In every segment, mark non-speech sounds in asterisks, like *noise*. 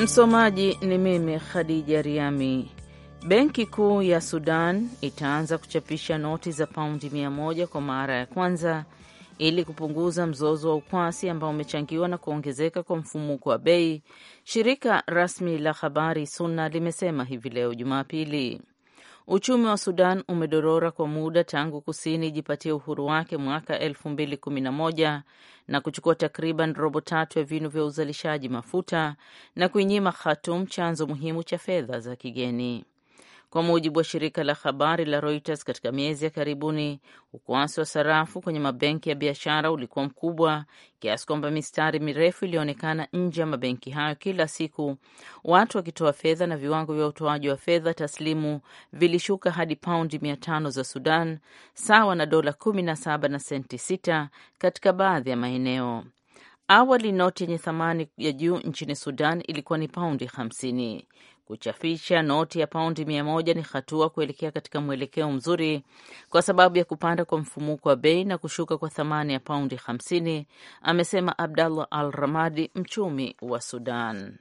Msomaji ni mimi Khadija Riami. Benki Kuu ya Sudan itaanza kuchapisha noti za paundi mia moja kwa mara ya kwanza ili kupunguza mzozo wa ukwasi ambao umechangiwa na kuongezeka kwa mfumuko wa bei, shirika rasmi la habari suna limesema hivi leo Jumapili. Uchumi wa Sudan umedorora kwa muda tangu kusini ijipatia uhuru wake mwaka elfu mbili kumi na moja na kuchukua takriban robo tatu ya vinu vya uzalishaji mafuta na kuinyima Khartoum chanzo muhimu cha fedha za kigeni. Kwa mujibu wa shirika la habari la Reuters, katika miezi ya karibuni ukwasi wa sarafu kwenye mabenki ya biashara ulikuwa mkubwa kiasi kwamba mistari mirefu ilionekana nje ya mabenki hayo kila siku, watu wakitoa fedha, na viwango vya utoaji wa fedha taslimu vilishuka hadi paundi mia tano za Sudan, sawa na dola kumi na saba na senti sita katika baadhi ya maeneo. Awali noti yenye thamani ya juu nchini Sudan ilikuwa ni paundi 50. Kuchafisha noti ya paundi mia moja ni hatua kuelekea katika mwelekeo mzuri kwa sababu ya kupanda kwa mfumuko wa bei na kushuka kwa thamani ya paundi hamsini, amesema Abdallah Al Ramadi, mchumi wa Sudan.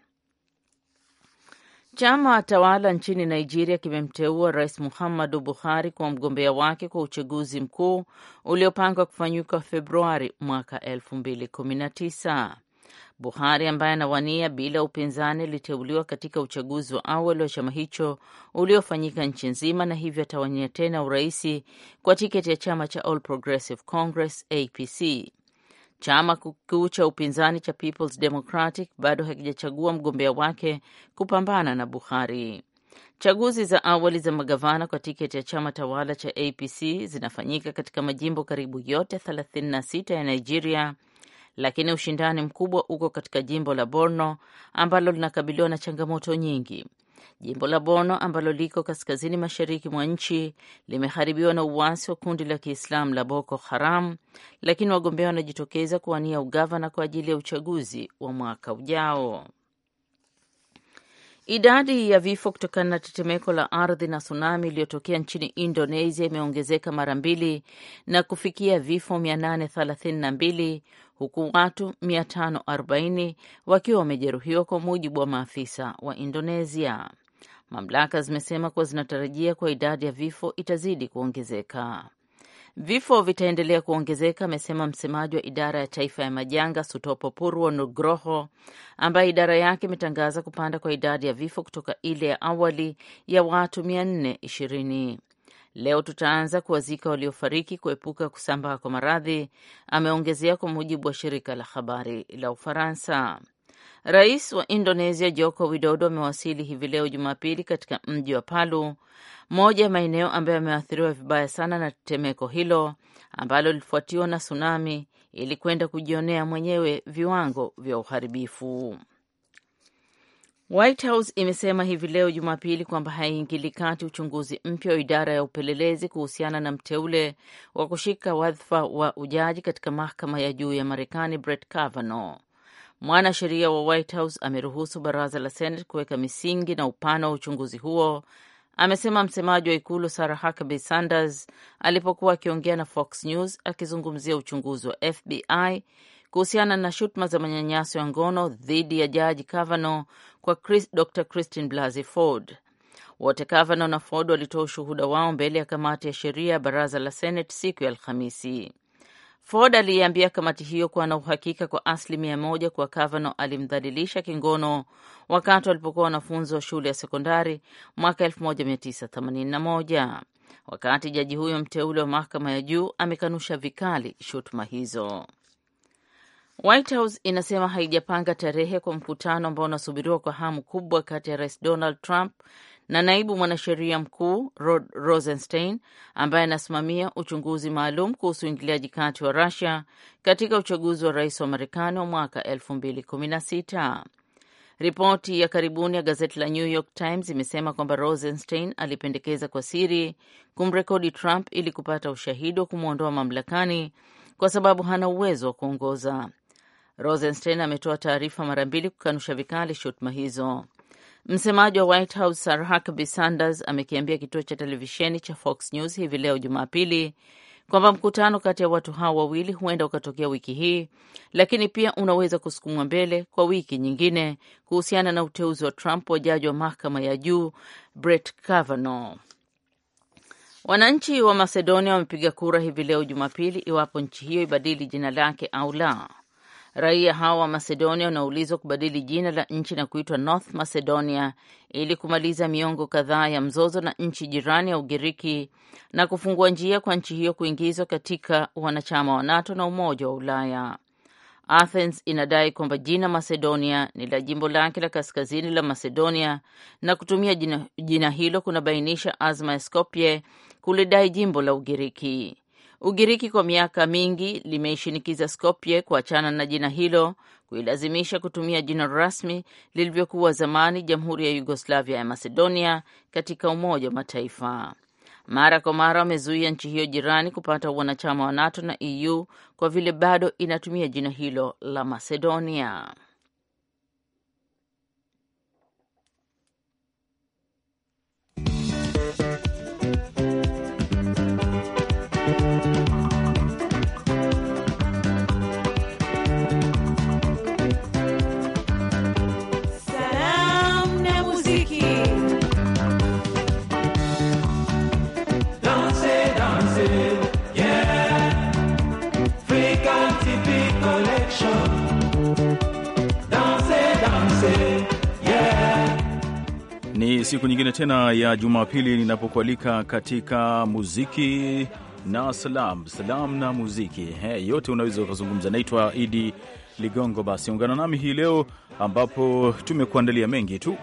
Chama tawala nchini Nigeria kimemteua Rais Muhammadu Buhari kwa mgombea wake kwa uchaguzi mkuu uliopangwa kufanyika Februari mwaka 2019. Buhari ambaye anawania bila upinzani aliteuliwa katika uchaguzi wa awali wa chama hicho uliofanyika nchi nzima na hivyo atawania tena uraisi kwa tiketi ya chama cha All Progressive Congress APC. Chama kikuu cha upinzani cha Peoples Democratic bado hakijachagua mgombea wake kupambana na Buhari. Chaguzi za awali za magavana kwa tiketi ya chama tawala cha APC zinafanyika katika majimbo karibu yote 36 ya Nigeria lakini ushindani mkubwa uko katika jimbo la Borno ambalo linakabiliwa na changamoto nyingi. Jimbo la Borno ambalo liko kaskazini mashariki mwa nchi limeharibiwa na uwasi wa kundi la Kiislamu la Boko Haram, lakini wagombea wanajitokeza kuwania ugavana kwa ajili ya uchaguzi wa mwaka ujao. Idadi ya vifo kutokana na tetemeko la ardhi na tsunami iliyotokea nchini Indonesia imeongezeka mara mbili na kufikia vifo 832 huku watu 540 wakiwa wamejeruhiwa, kwa mujibu wa maafisa wa Indonesia. Mamlaka zimesema kuwa zinatarajia kuwa idadi ya vifo itazidi kuongezeka. Vifo vitaendelea kuongezeka, amesema msemaji wa idara ya taifa ya majanga Sutopo Purwo Nugroho, ambaye idara yake imetangaza kupanda kwa idadi ya vifo kutoka ile ya awali ya watu 420. Leo tutaanza kuwazika waliofariki kuepuka kusambaa kwa maradhi, ameongezea, kwa mujibu wa shirika la habari la Ufaransa. Rais wa Indonesia Joko Widodo amewasili hivi leo Jumapili katika mji wa Palu, moja ya maeneo ambayo yameathiriwa vibaya sana na tetemeko hilo ambalo lilifuatiwa na tsunami, ili kwenda kujionea mwenyewe viwango vya uharibifu. White House imesema hivi leo Jumapili kwamba haiingili kati uchunguzi mpya wa idara ya upelelezi kuhusiana na mteule wa kushika wadhifa wa ujaji katika mahakama ya juu ya Marekani Brett Kavanaugh. Mwanasheria wa White House ameruhusu baraza la Senate kuweka misingi na upana wa uchunguzi huo, amesema msemaji wa ikulu Sarah Huckabee Sanders alipokuwa akiongea na Fox News akizungumzia uchunguzi wa FBI kuhusiana na shutuma za manyanyaso ya ngono dhidi ya jaji Kavanaugh kwa Chris, Dr Christine Blasey Ford. Wote Kavanaugh na Ford walitoa ushuhuda wao mbele ya kamati ya sheria ya baraza la Senate siku ya Alhamisi. Ford aliiambia kamati hiyo kuwa na uhakika kwa asilimia moja kuwa Kavanaugh alimdhalilisha kingono wakati walipokuwa wanafunzi wa shule ya sekondari mwaka 1981. Wakati jaji huyo mteule wa mahakama ya juu amekanusha vikali shutuma hizo. White House inasema haijapanga tarehe kwa mkutano ambao unasubiriwa kwa hamu kubwa kati ya Rais Donald Trump na naibu mwanasheria mkuu Rod Rosenstein ambaye anasimamia uchunguzi maalum kuhusu uingiliaji kati wa Rusia katika uchaguzi wa rais wa Marekani wa mwaka 2016. Ripoti ya karibuni ya gazeti la New York Times imesema kwamba Rosenstein alipendekeza kwa siri kumrekodi Trump ili kupata ushahidi wa kumwondoa mamlakani kwa sababu hana uwezo wa kuongoza. Rosenstein ametoa taarifa mara mbili kukanusha vikali shutuma hizo. Msemaji wa White House Sarah Huckabee Sanders amekiambia kituo cha televisheni cha Fox News hivi leo Jumapili kwamba mkutano kati ya watu hao wawili huenda ukatokea wiki hii, lakini pia unaweza kusukumwa mbele kwa wiki nyingine kuhusiana na uteuzi wa Trump wa jaji wa mahakama ya juu Brett Kavanaugh. Wananchi wa Macedonia wamepiga kura hivi leo Jumapili iwapo nchi hiyo ibadili jina lake au la. Raia hao wa Macedonia wanaulizwa kubadili jina la nchi na kuitwa North Macedonia ili kumaliza miongo kadhaa ya mzozo na nchi jirani ya Ugiriki na kufungua njia kwa nchi hiyo kuingizwa katika wanachama wa NATO na Umoja wa Ulaya. Athens inadai kwamba jina Macedonia ni la jimbo lake la kaskazini la Macedonia na kutumia jina, jina hilo kunabainisha azma ya Skopje kulidai jimbo la Ugiriki. Ugiriki kwa miaka mingi limeishinikiza Skopje kuachana na jina hilo, kuilazimisha kutumia jina rasmi lilivyokuwa zamani Jamhuri ya Yugoslavia ya Macedonia katika Umoja wa Mataifa. Mara kwa mara wamezuia nchi hiyo jirani kupata wanachama wa NATO na EU kwa vile bado inatumia jina hilo la Macedonia. siku nyingine tena ya Jumapili ninapokualika katika muziki na salam salam na muziki. He, yote unaweza ukazungumza. Naitwa Idi Ligongo. Basi ungana nami hii leo ambapo tumekuandalia mengi tu.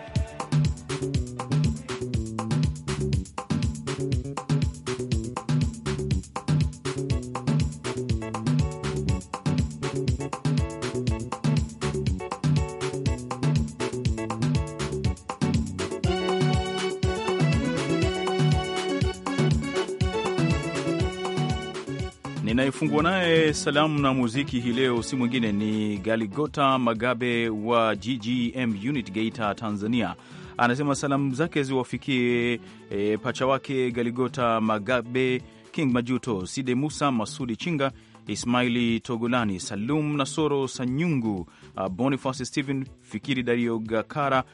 tunafungua naye salamu na muziki hii leo si mwingine ni Galigota Magabe wa GGM Unit Geita, Tanzania. Anasema salamu zake ziwafikie e, pacha wake Galigota Magabe, King Majuto, Side Musa, Masudi Chinga, Ismaili Togolani, Salum Nasoro Sanyungu, Bonifas Stephen Fikiri, Dario Gakara,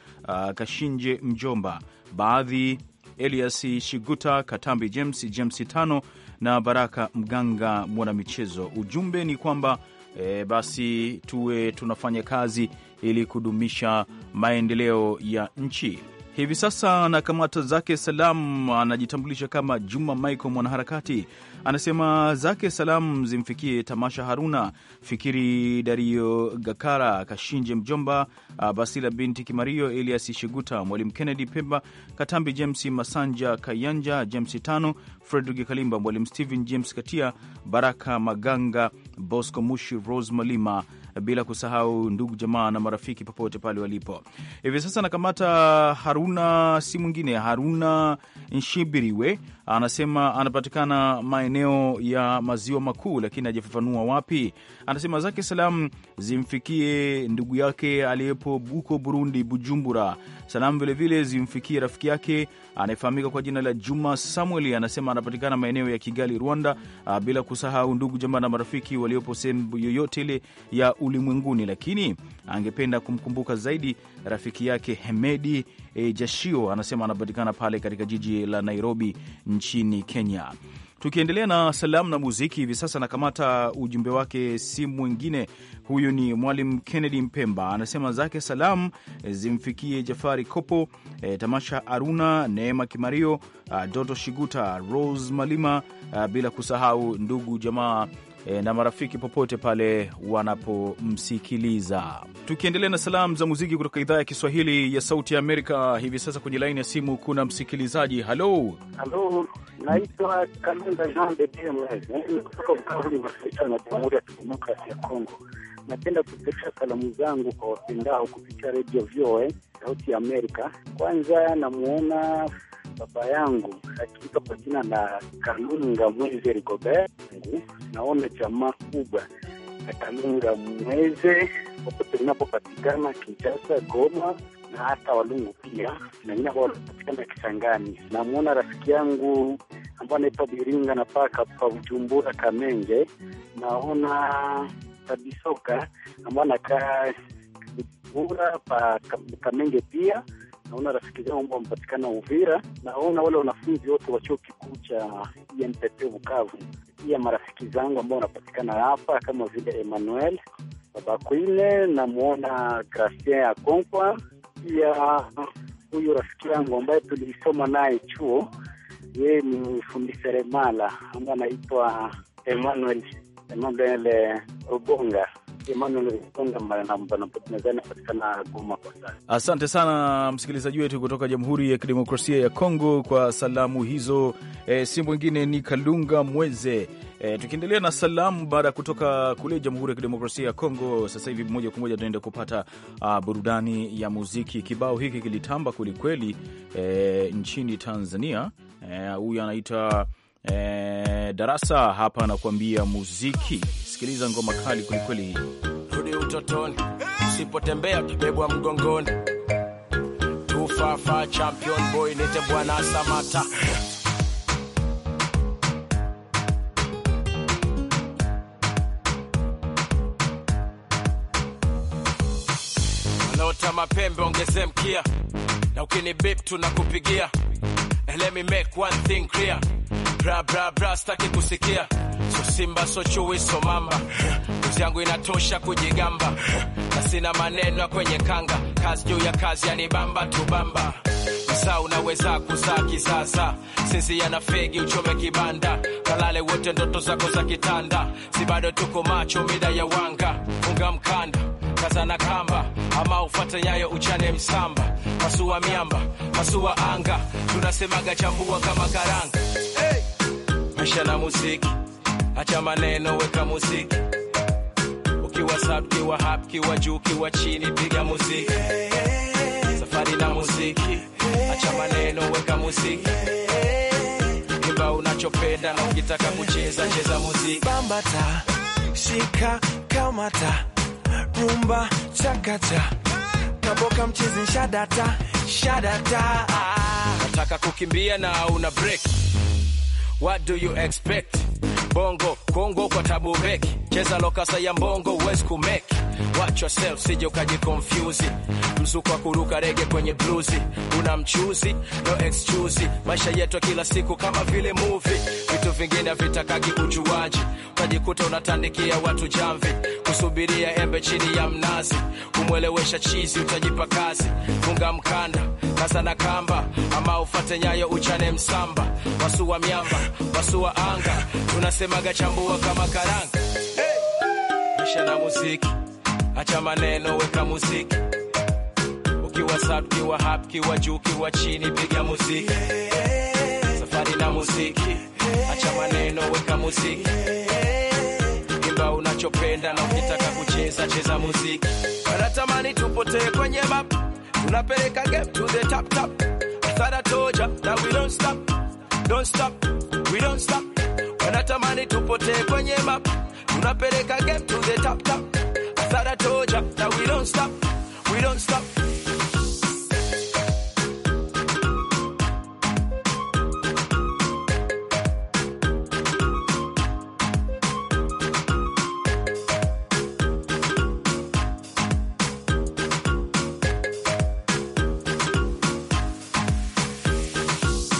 Kashinje Mjomba, baadhi Elias Shiguta, Katambi James, James Tano na Baraka Mganga, mwanamichezo. Ujumbe ni kwamba e, basi tuwe tunafanya kazi ili kudumisha maendeleo ya nchi hivi sasa na kamata zake salam. Anajitambulisha kama Juma Michael, mwanaharakati. Anasema zake salam zimfikie Tamasha Haruna, Fikiri Dario, Gakara Kashinje, mjomba ah, Basila binti Kimario, Elias Shiguta, Mwalimu Kennedy Pemba, Katambi James Masanja, Kayanja James tano, Fredrik Kalimba, Mwalimu Stephen James Katia, Baraka Maganga, Bosco Mushi, Rose Malima bila kusahau ndugu jamaa na marafiki popote pale walipo. Hivi sasa nakamata Haruna, si mwingine Haruna Nshibiriwe, anasema anapatikana maeneo ya maziwa makuu, lakini hajafafanua wapi. Anasema zake salamu zimfikie ndugu yake aliyepo huko Burundi, Bujumbura. Salamu vilevile zimfikie rafiki yake anayefahamika kwa jina la Juma Samuel anasema anapatikana maeneo ya Kigali, Rwanda. bila kusahau ndugu jamaa na marafiki waliopo sehemu yoyote ile ya ulimwenguni, lakini angependa kumkumbuka zaidi rafiki yake Hemedi e, Jashio anasema anapatikana pale katika jiji la Nairobi nchini Kenya. Tukiendelea na salamu na muziki, hivi sasa nakamata ujumbe wake, si mwingine huyu ni Mwalimu Kennedy Mpemba, anasema zake salamu eh, zimfikie Jafari Kopo, e, Tamasha Aruna, Neema Kimario, a, ah, Doto Shiguta, Rose Malima, a, ah, bila kusahau ndugu jamaa e, na marafiki popote pale wanapomsikiliza. Tukiendelea na salamu za muziki kutoka idhaa ya Kiswahili ya Sauti ya Amerika, hivi sasa kwenye laini ya simu kuna msikilizaji. Halo, halo, naitwa Kalenda na Jamhuri ya Kidemokrasi ya Kongo. Napenda kupeesha salamu zangu kwa wapendao kupitia redio VOA Sauti ya Amerika. Kwanza namwona baba yangu akiitwa kwa jina la Kalunga Mweze Rigobert, naona jamaa kubwa na Kalunga Mweze popote inapopatikana Kinshasa, Goma na hata Walungu pia na nyingine wanapatikana Kisangani. Namwona rafiki yangu ambaye anaitwa Biringa na paka pa Ujumbura Kamenge, naona Tabisoka ambaye anakaa Ujumbura pa Kamenge pia naona rafiki zangu wamepatikana Uvira, naona wale wanafunzi wote wa chuo kikuu cha e mpp Bukavu, pia marafiki zangu ambao wanapatikana hapa kama vile Emmanuel Babakwile, namwona Gracien Konkwa, pia huyu rafiki yangu ambaye tulisoma naye chuo, yeye ni fundi seremala ambaye anaitwa Emmanuel Emmanuel Rubonga. Asante sana msikilizaji wetu kutoka Jamhuri ya Kidemokrasia ya Kongo kwa salamu hizo. E, si mwingine ni Kalunga Mweze. E, tukiendelea na salamu baada ya kutoka kule Jamhuri ya Kidemokrasia ya Kongo, sasa hivi moja kwa moja tunaenda kupata uh, burudani ya muziki. Kibao hiki kilitamba kwelikweli e, eh, nchini Tanzania. Huyu e, anaita e, Darasa hapa anakuambia muziki Sikiliza ngoma kali kwelikweli hii. Rudi utotoni, usipotembea utabebwa mgongoni. Tufafa champion boy, nite Bwana Samata. Wanaota mapembe ongeze mkia, na ukinibip tunakupigia. Let me make one thing clear bra bra bra, staki kusikia so simba so chui so mamba, uzi yangu inatosha kujigamba na sina maneno ya kwenye kanga, kazi juu ya kazi yanibamba tubamba Saa unaweza kuzaa kisasa, sisi yana fegi uchome kibanda, kalale wote ndoto zako za kitanda, si bado tuko macho mida ya wanga, funga mkanda kazana kamba, ama ufate nyayo uchane msamba, pasua miamba, pasua anga, tunasemaga chambua kama karanga pisha na muziki, acha maneno, weka muziki. Ukiwa sub, kiwa hap, kiwa juu, kiwa chini, piga muziki. Safari na muziki, acha maneno, weka muziki. Imba unachopenda na ukitaka kucheza, cheza muziki. Bambata, shika, kamata, rumba, chakacha, kaboka, mchizi, shadata, shadata. Nataka kukimbia na una break What do you expect? Bongo Kongo kwa tabu beki, cheza lokasa ya mbongo, kumeki watch yourself, sije ukaji confuse. Mzuko wa kuruka rege kwenye bluzi, una mchuzi no excuse. Maisha yetu kila siku kama vile movie, vitu vingine vitakagi ujuaji, utajikuta unatandikia watu jamvi, kusubiria embe chini ya mnazi, kumwelewesha chizi, utajipa kazi, funga mkanda kasa na kamba, ama ufate nyayo uchane msamba, wasua miamba, wasua anga, tunasemaga chambua kama karanga, hey! maisha na muziki acha maneno, weka muziki. Ukiwa sad, ukiwa hap, ukiwa juu, ukiwa chini, piga muziki. Safari na muziki, acha maneno, weka muziki. Imba unachopenda na ukitaka kucheza, cheza muziki. Wanatamani tupotee kwenye map, tunapeleka game to the top top. Thara toja na we don't stop, don't stop, we don't stop. Wanatamani tupotee kwenye map, tunapeleka game to the top top. That I told ya that we don't stop, we don't stop.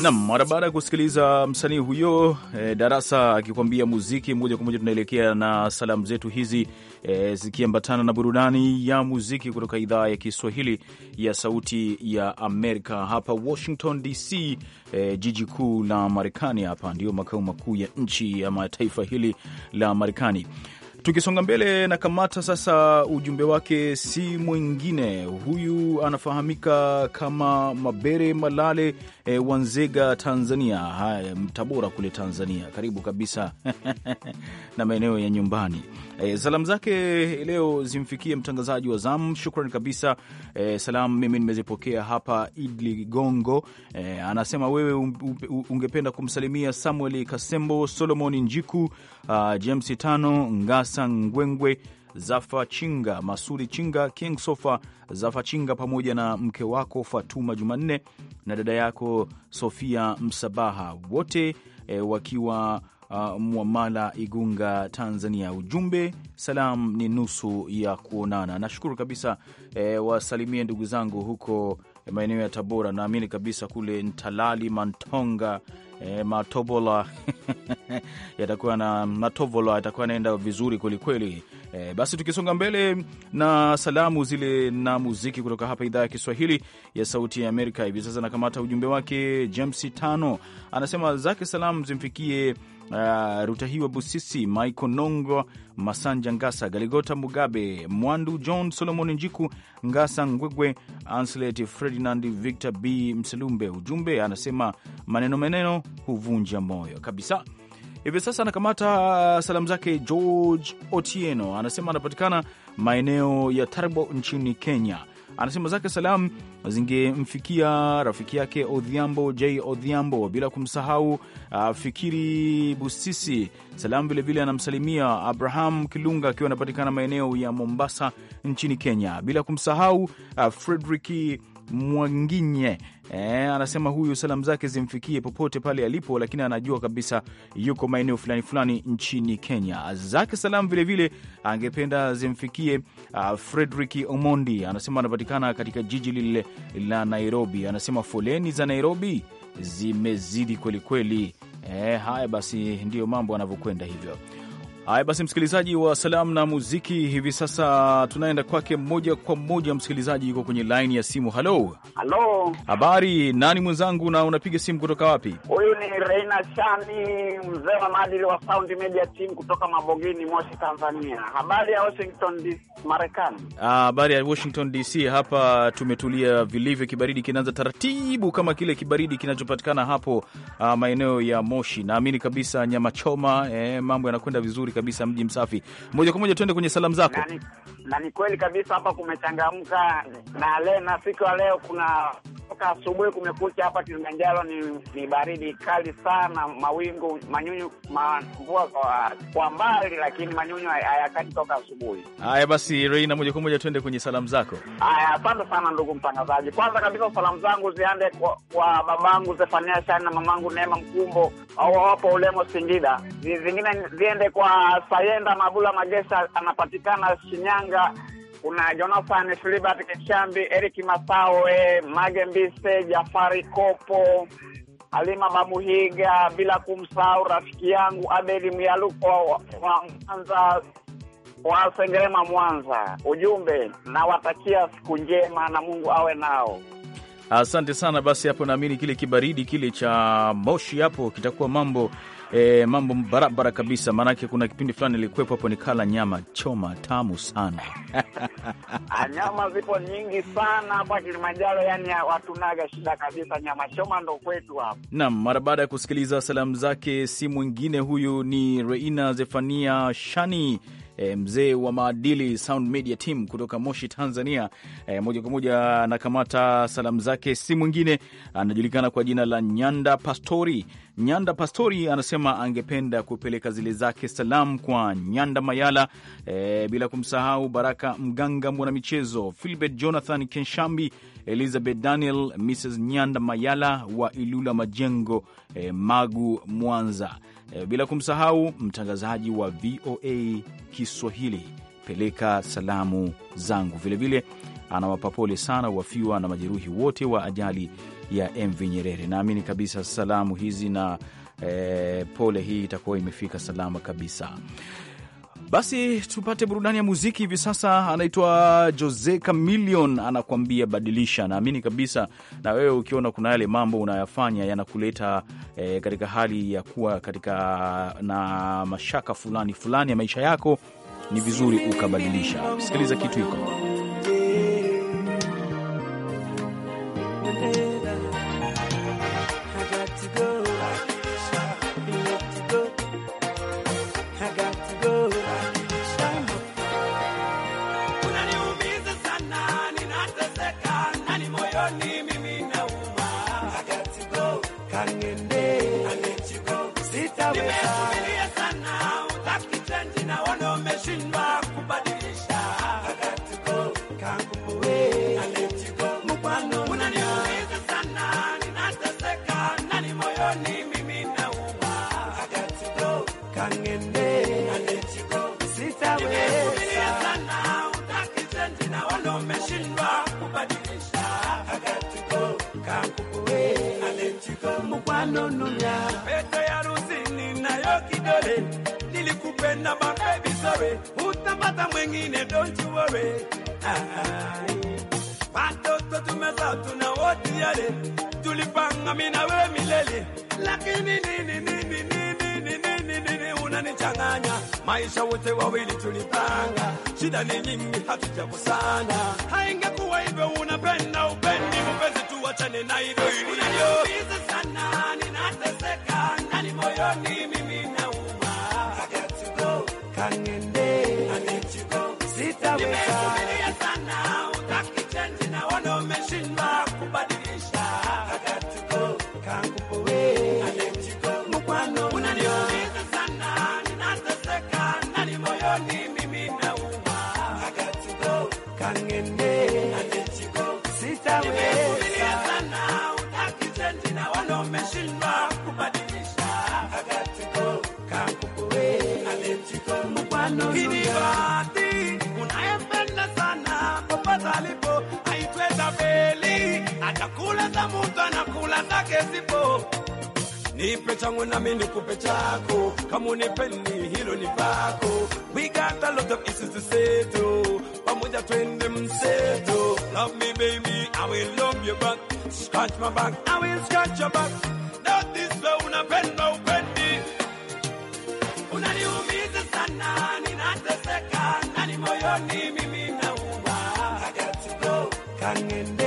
Nam, mara baada ya kusikiliza msanii huyo e, Darasa akikwambia muziki, moja kwa moja tunaelekea na salamu zetu hizi e, zikiambatana na burudani ya muziki kutoka idhaa ya Kiswahili ya Sauti ya Amerika hapa Washington DC, e, eh, jiji kuu la Marekani. Hapa ndio makao makuu ya nchi ama taifa hili la Marekani. Tukisonga mbele na kamata sasa, ujumbe wake si mwingine huyu, anafahamika kama Mabere Malale e, Wanzega Tanzania, haya Tabora kule Tanzania, karibu kabisa *laughs* na maeneo ya nyumbani. E, salamu zake leo zimfikie mtangazaji wa zamu, shukran kabisa. E, salamu mimi nimezipokea hapa. Idli Gongo e, anasema wewe um, ungependa kumsalimia Samuel Kasembo, Solomon Njiku, uh, James Tano Ngasi Sangwengwe Zafa Chinga, Masuri Chinga, King Sofa Zafa Chinga, pamoja na mke wako Fatuma Jumanne na dada yako Sofia Msabaha, wote e, wakiwa Uh, Mwamala, Igunga, Tanzania. Ujumbe salam ni nusu ya kuonana. Nashukuru kabisa e, wasalimie ndugu zangu huko maeneo ya Tabora, naamini kabisa kule Ntalali, Mantonga e, *laughs* Matobola yatakuwa na Matovola yatakuwa anaenda vizuri kwelikweli. E, eh, basi tukisonga mbele na salamu zile na muziki kutoka hapa idhaa ya Kiswahili ya Sauti ya Amerika, hivi sasa nakamata ujumbe wake James Tano, anasema zake salamu zimfikie uh, eh, Rutahiwa Busisi, Michael Nongo, Masanja Ngasa, Galigota Mugabe, Mwandu John Solomon Njiku, Ngasa Ngwegwe, Anslet Ferdinand, Victor B Mselumbe. Ujumbe anasema maneno maneno huvunja moyo kabisa. Hivi sasa anakamata uh, salamu zake. George Otieno anasema anapatikana maeneo ya Tarbo nchini Kenya anasema zake salamu zingemfikia rafiki yake Odhiambo J Odhiambo, bila kumsahau uh, Fikiri Busisi. Salamu vilevile anamsalimia Abraham Kilunga akiwa anapatikana maeneo ya Mombasa nchini Kenya, bila kumsahau uh, Fredriki Mwanginye e, anasema huyu salamu zake zimfikie popote pale alipo, lakini anajua kabisa yuko maeneo fulani fulani nchini Kenya. Zake salamu vilevile angependa zimfikie uh, ah, Fredrick Omondi, anasema anapatikana katika jiji lile la Nairobi. Anasema foleni za Nairobi zimezidi kwelikweli. E, eh, haya basi, ndiyo mambo anavyokwenda hivyo. Haya basi, msikilizaji wa salamu na muziki, hivi sasa tunaenda kwake moja kwa moja. Msikilizaji yuko kwenye laini ya simu. Halo, halo, habari? Nani mwenzangu, na unapiga simu kutoka wapi? Huyu ni Reina Shani, mzee wa maadili wa Sound Media Team kutoka Mabogini, Moshi, Tanzania. Habari ya Washington DC, Marekani. Ah, habari ya Washington DC, hapa tumetulia vilivyo, kibaridi kinaanza taratibu kama kile kibaridi kinachopatikana hapo ah, maeneo ya Moshi. Naamini kabisa nyama choma, eh, mambo yanakwenda vizuri kabisa, mji msafi. Moja kwa moja tuende kwenye salamu zako nani? na ni kweli kabisa hapa kumechangamka, na leo na siku ya leo kuna toka asubuhi kumekucha hapa Kilimanjaro ni, ni baridi kali sana, mawingu manyunyu, mvua kwa, kwa mbali, lakini manyunyu hayakati toka asubuhi. Haya basi, Reina, moja kwa moja tuende kwenye salamu zako. Haya, asante sana ndugu mtangazaji. Kwanza kabisa salamu zangu ziande kwa, kwa babangu Zefania Shani na mamangu Neema Mkumbo au wapo Ulemo Singida, zingine ziende kwa Sayenda Mabula Magesha, anapatikana Shinyanga Karanja, kuna Jonathan Filibert Kishambi, Eric Masawe, Magembise, Jafari Kopo, Halima Bamuhiga, bila kumsahau rafiki yangu abeli Myaluko wa Mwanza wa Sengerema Mwanza. Ujumbe, nawatakia siku njema na Mungu awe nao. Asante sana. Basi hapo naamini kile kibaridi kile cha moshi hapo kitakuwa mambo E, mambo barabara kabisa, maanake kuna kipindi fulani ilikuwepo hapo kala nyama choma tamu sana *laughs* ah, nyama zipo nyingi sana hapa Kilimanjaro, yani watunaga shida kabisa, nyama choma ndo kwetu hapa. Naam, mara baada ya kusikiliza salamu zake, si mwingine huyu ni Reina Zefania Shani e, mzee wa maadili Sound Media Team kutoka Moshi, Tanzania. E, moja kwa moja anakamata salamu zake, si mwingine anajulikana kwa jina la Nyanda Pastori. Nyanda Pastori anasema angependa kupeleka zile zake salamu kwa Nyanda Mayala, e, bila kumsahau Baraka Mganga michezo Filbert Jonathan Kenshambi, Elizabeth Daniel, Mrs Nyanda Mayala wa Ilula Majengo, e, Magu, Mwanza. Eh, bila kumsahau mtangazaji wa VOA Kiswahili, peleka salamu zangu vilevile. Anawapa pole sana wafiwa na majeruhi wote wa ajali ya MV Nyerere. Naamini kabisa salamu hizi na e, pole hii itakuwa imefika salama kabisa. Basi tupate burudani ya muziki hivi sasa. Anaitwa Jose Camilion, anakuambia badilisha. Naamini kabisa na wewe ukiona kuna yale mambo unayafanya yanakuleta e, katika hali ya kuwa katika na mashaka fulani fulani ya maisha yako, ni vizuri ukabadilisha. Sikiliza kitu hiko pete ya rusini nayo kidole nilikupenda mabebi, sorry, utapata mwengine, don't you tuna wote yale tulipanga, milele, lakini nini nini nini mnanichanganya, maisha wote wawili tulipanga, shida ni nyingi hatujakusanya. Haingekuwa hivyo, unapenda upendi, mpenzi, wachane na hivyo. ilivyo. na chakula za mtu anakula zake zipo. Nipe changu nami nikupe chako, kama hilo ni pako. We got a lot of issues to settle, pamoja twende mseto. Love me baby, I will love you back, scratch my back, I will scratch your back. That is where unapenda upendi, unaniumiza sana, ninateseka nani moyoni mimi nauma, I got to go, kangende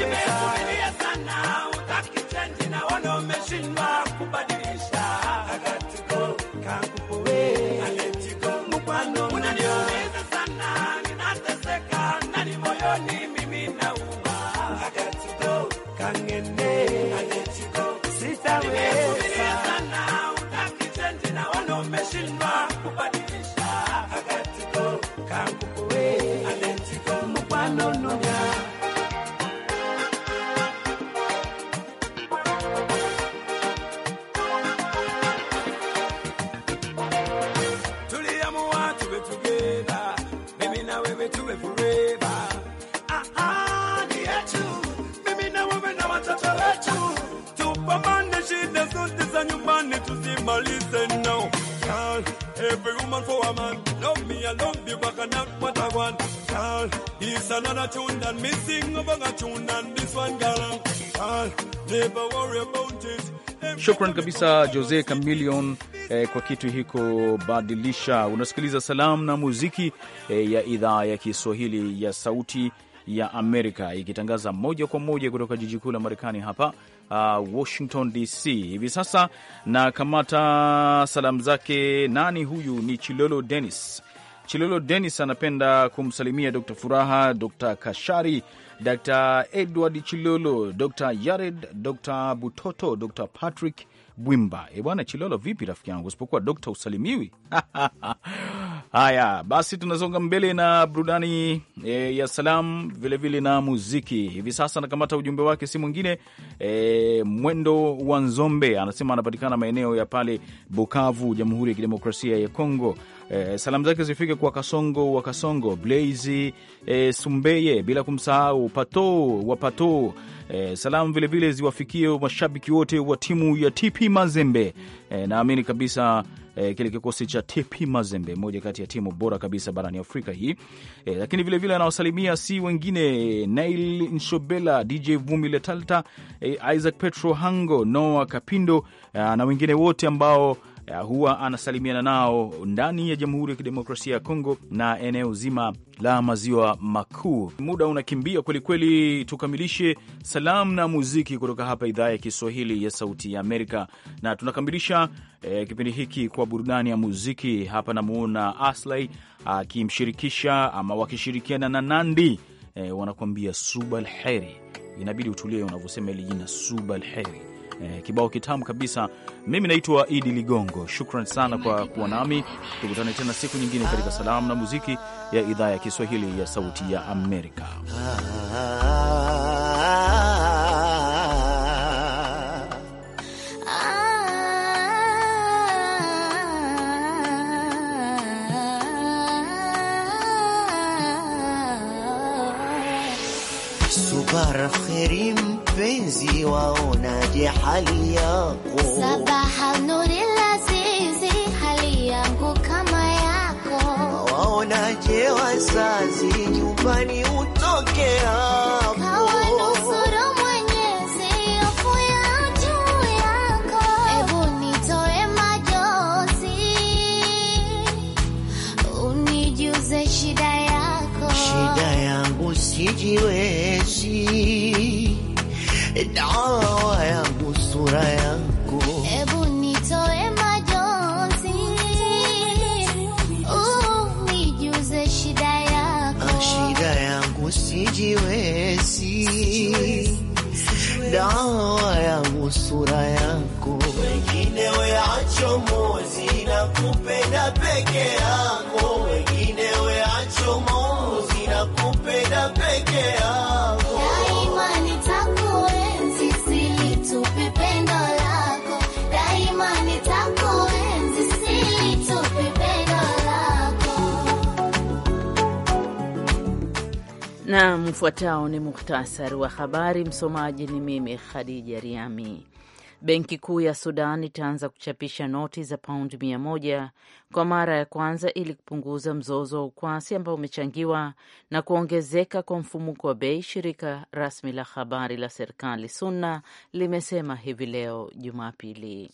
nimesubiria sana, utaki chenji, naona umeshindwa every woman for a man. Love me, I love you but I not what I want. Girl, it's another tune than me sing about a tune than this one girl. Girl, never worry about it. Shukran kabisa Jose Camillion eh, kwa kitu hiko badilisha. Unasikiliza salamu na muziki eh, ya idhaa ya Kiswahili ya Sauti ya Amerika ikitangaza moja kwa moja kutoka jiji kuu la Marekani hapa uh, Washington DC hivi sasa. Na kamata salamu zake nani huyu? Ni Chilolo Dennis. Chilolo Dennis anapenda kumsalimia Dr. Furaha, Dr. Kashari, Dr. Edward Chilolo, Dr. Yared, Dr. Butoto, Dr. Patrick Bwimba. E eh, bwana Chilolo, vipi rafiki yangu? Usipokuwa dokta usalimiwi. *laughs* Haya basi, tunasonga mbele na burudani e, ya salam vilevile na muziki. Hivi sasa anakamata ujumbe wake, si mwingine e, Mwendo wa Nzombe anasema anapatikana maeneo ya pale Bukavu, Jamhuri ya Kidemokrasia ya Kongo eh, salamu zake zifike kwa Kasongo wa Kasongo, Blaze eh, Sumbeye, bila kumsahau Pato wa Pato. Eh, salamu vilevile ziwafikie mashabiki wote wa timu ya TP Mazembe. Eh, naamini kabisa E, kile kikosi cha TP Mazembe, moja kati ya timu bora kabisa barani Afrika hii e, lakini vilevile anawasalimia si wengine Nail Nshobela, DJ Vumi Letalta, e, Isaac Petro Hango, Noah Kapindo a, na wengine wote ambao Eh, huwa anasalimiana nao ndani ya Jamhuri ya Kidemokrasia ya Kongo na eneo zima la maziwa makuu. Muda unakimbia kwelikweli, tukamilishe salamu na muziki kutoka hapa idhaa ya Kiswahili ya Sauti ya Amerika, na tunakamilisha eh, kipindi hiki kwa burudani ya muziki. Hapa namuona Aslay akimshirikisha ama wakishirikiana na Nandi eh, wanakuambia subalheri. Inabidi utulie unavyosema ili jina subalheri eh, kibao kitamu kabisa. Mimi naitwa Idi Ligongo, shukran sana kwa kuwa nami. Tukutane tena siku nyingine katika salamu na muziki ya idhaa ya Kiswahili ya Sauti ya Amerika. Subar khairim mpenzi, waonaje hali yako? Sabaha nuri lazizi, hali yangu kama yako. Waonaje wazazi, nyumbani utoke hapo. Shida yangu sijiwezi dawa yangu, sura yangu, ebu nitoe majonzi, uh, nijuze shida yako, ah, shida yangu sijiwezi, dawa yangu, sura yangu, wengine weacho na kupenda peke yangu na mfuatao ni muhtasari wa habari. Msomaji ni mimi Khadija Riami. Benki Kuu ya Sudan itaanza kuchapisha noti za paundi mia moja kwa mara ya kwanza ili kupunguza mzozo wa ukwasi ambao umechangiwa na kuongezeka kwa mfumuko wa bei. Shirika rasmi la habari la serikali Sunna limesema hivi leo Jumapili.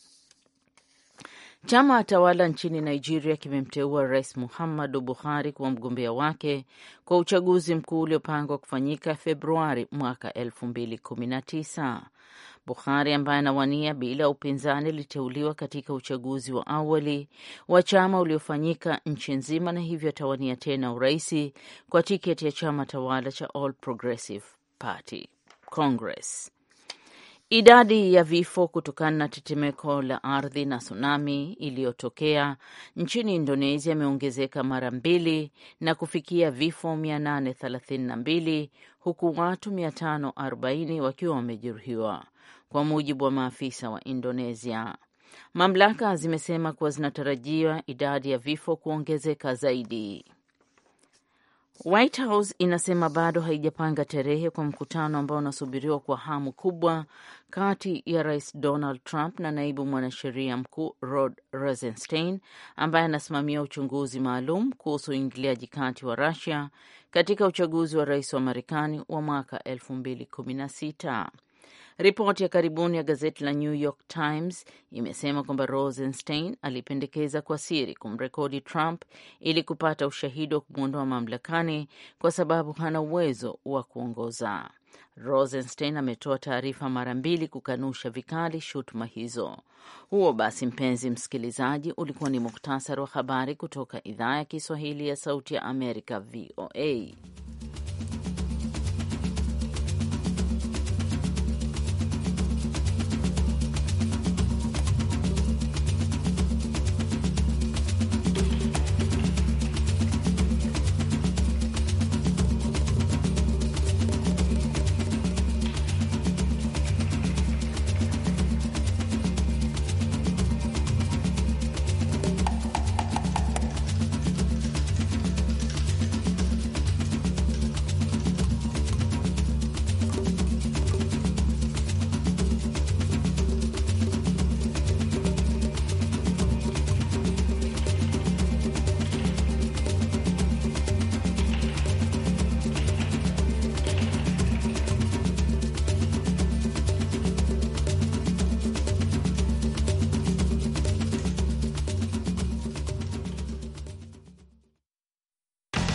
Chama tawala nchini Nigeria kimemteua Rais Muhammadu Buhari kuwa mgombea wake kwa uchaguzi mkuu uliopangwa kufanyika Februari mwaka 2019. Buhari ambaye anawania bila upinzani aliteuliwa katika uchaguzi wa awali wa chama uliofanyika nchi nzima na hivyo atawania tena uraisi kwa tiketi ya chama tawala cha All Progressive Party Congress. Idadi ya vifo kutokana na tetemeko la ardhi na tsunami iliyotokea nchini Indonesia imeongezeka mara mbili na kufikia vifo 832 huku watu 540 wakiwa wamejeruhiwa, kwa mujibu wa maafisa wa Indonesia. Mamlaka zimesema kuwa zinatarajia idadi ya vifo kuongezeka zaidi. White House inasema bado haijapanga tarehe kwa mkutano ambao unasubiriwa kwa hamu kubwa kati ya Rais Donald Trump na naibu mwanasheria mkuu Rod Rosenstein ambaye anasimamia uchunguzi maalum kuhusu uingiliaji kati wa Russia katika uchaguzi wa rais wa Marekani wa mwaka 2016. Ripoti ya karibuni ya gazeti la New York Times imesema kwamba Rosenstein alipendekeza kwa siri kumrekodi Trump ili kupata ushahidi wa kumwondoa mamlakani kwa sababu hana uwezo wa kuongoza. Rosenstein ametoa taarifa mara mbili kukanusha vikali shutuma hizo. Huo basi, mpenzi msikilizaji, ulikuwa ni muktasari wa habari kutoka idhaa ya Kiswahili ya Sauti ya Amerika, VOA.